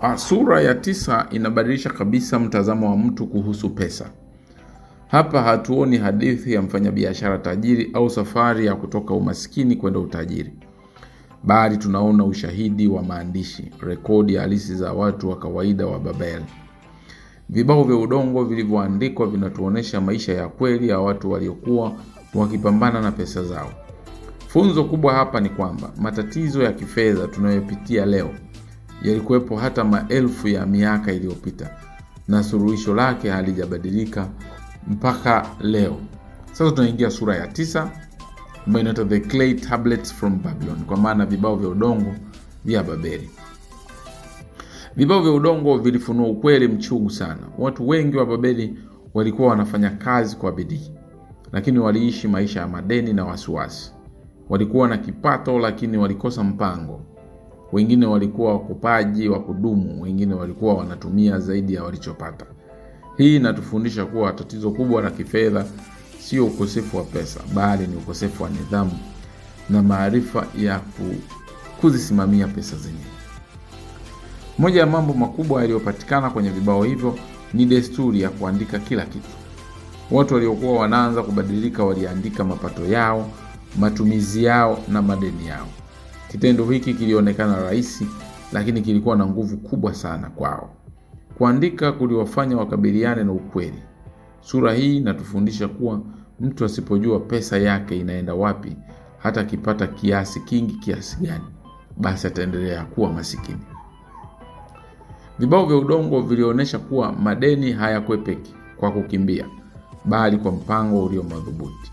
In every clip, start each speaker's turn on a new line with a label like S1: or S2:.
S1: Ah, sura ya tisa inabadilisha kabisa mtazamo wa mtu kuhusu pesa. Hapa hatuoni hadithi ya mfanyabiashara tajiri au safari ya kutoka umaskini kwenda utajiri, bali tunaona ushahidi wa maandishi, rekodi halisi za watu wa kawaida wa Babeli. Vibao vya udongo vilivyoandikwa vinatuonesha maisha ya kweli ya watu waliokuwa wakipambana na pesa zao. Funzo kubwa hapa ni kwamba matatizo ya kifedha tunayopitia leo yalikuwepo hata maelfu ya miaka iliyopita na suluhisho lake halijabadilika mpaka leo. Sasa tunaingia sura ya tisa ambayo inaitwa The Clay Tablets from Babylon, kwa maana vibao vya udongo vya Babeli. Vibao vya udongo vilifunua ukweli mchungu sana. Watu wengi wa Babeli walikuwa wanafanya kazi kwa bidii, lakini waliishi maisha ya madeni na wasiwasi. Walikuwa na kipato, lakini walikosa mpango. Wengine walikuwa wakopaji wa kudumu, wengine walikuwa wanatumia zaidi ya walichopata. Hii inatufundisha kuwa tatizo kubwa la kifedha sio ukosefu wa pesa, bali ni ukosefu wa nidhamu na maarifa ya kuzisimamia pesa zenyewe. Moja ya mambo makubwa yaliyopatikana kwenye vibao hivyo ni desturi ya kuandika kila kitu. Watu waliokuwa wanaanza kubadilika waliandika mapato yao, matumizi yao na madeni yao. Kitendo hiki kilionekana rahisi, lakini kilikuwa na nguvu kubwa sana kwao. Kuandika kuliwafanya wakabiliane na ukweli. Sura hii inatufundisha kuwa mtu asipojua pesa yake inaenda wapi, hata akipata kiasi kingi kiasi gani, basi ataendelea kuwa masikini. Vibao vya udongo vilionyesha kuwa madeni hayakwepeki kwa kukimbia, bali kwa mpango ulio madhubuti.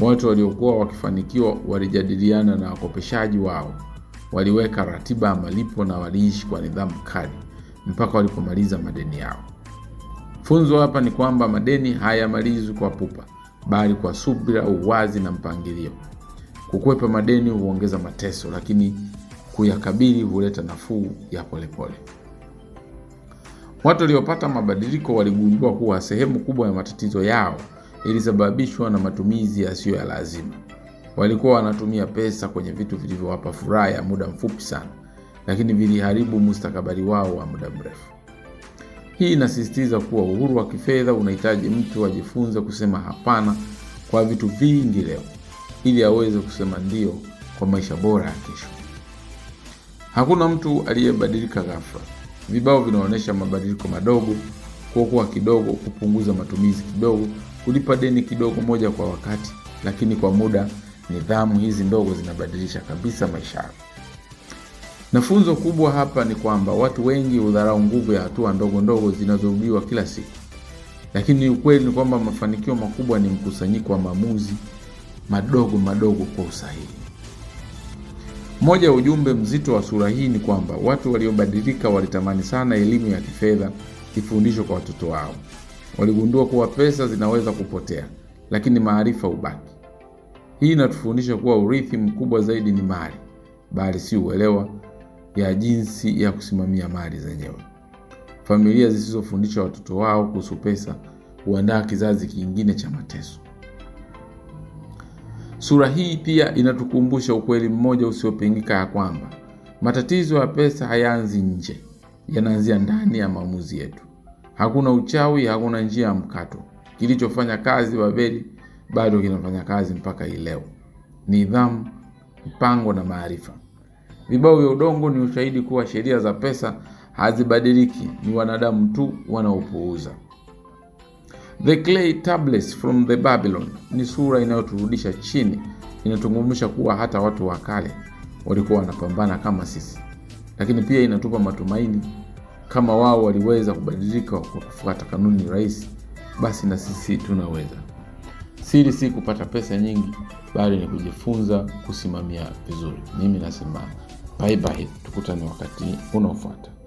S1: Watu waliokuwa wakifanikiwa walijadiliana na wakopeshaji wao, waliweka ratiba ya malipo na waliishi kwa nidhamu kali mpaka walipomaliza madeni yao. Funzo hapa ni kwamba madeni hayamalizwi kwa pupa, bali kwa subira, uwazi na mpangilio. Kukwepa madeni huongeza mateso, lakini kuyakabili huleta nafuu ya polepole Watu waliopata mabadiliko waligundua kuwa sehemu kubwa ya matatizo yao ilisababishwa na matumizi yasiyo ya lazima. Walikuwa wanatumia pesa kwenye vitu vilivyowapa furaha ya muda mfupi sana, lakini viliharibu mustakabali wao wa muda mrefu. Hii inasisitiza kuwa uhuru wa kifedha unahitaji mtu ajifunze kusema hapana kwa vitu vingi leo ili aweze kusema ndio kwa maisha bora ya kesho. Hakuna mtu aliyebadilika ghafla. Vibao vinaonyesha mabadiliko madogo, kuokoa kidogo, kupunguza matumizi kidogo, kulipa deni kidogo moja kwa wakati, lakini kwa muda, nidhamu hizi ndogo zinabadilisha kabisa maisha yako. Na funzo kubwa hapa ni kwamba watu wengi hudharau nguvu ya hatua ndogo ndogo zinazorudiwa kila siku, lakini ukweli ni kwamba mafanikio makubwa ni mkusanyiko wa maamuzi madogo madogo kwa usahihi. Moja ya ujumbe mzito wa sura hii ni kwamba watu waliobadilika walitamani sana elimu ya kifedha ifundishwe kwa watoto wao. Waligundua kuwa pesa zinaweza kupotea, lakini maarifa hubaki. Hii inatufundisha kuwa urithi mkubwa zaidi ni mali, bali si uelewa ya jinsi ya kusimamia mali zenyewe. Familia zisizofundisha watoto wao kuhusu pesa huandaa kizazi kingine cha mateso. Sura hii pia inatukumbusha ukweli mmoja usiopingika, ya kwamba matatizo ya pesa hayaanzi nje, yanaanzia ndani ya maamuzi yetu. Hakuna uchawi, hakuna njia ya mkato. Kilichofanya kazi Babeli bado kinafanya kazi mpaka hii leo: nidhamu, mpango na maarifa. Vibao vya udongo ni ushahidi kuwa sheria za pesa hazibadiliki, ni wanadamu tu wanaopuuza. The clay tablets from the Babylon ni sura inayoturudisha chini, inatungumsha kuwa hata watu wa kale walikuwa wanapambana kama sisi, lakini pia inatupa matumaini kama wao waliweza kubadilika kwa kufuata kanuni rahisi, basi na sisi tunaweza. Siri si kupata pesa nyingi, bali ni kujifunza kusimamia vizuri. Mimi nasema bye bye, tukutane wakati unaofuata.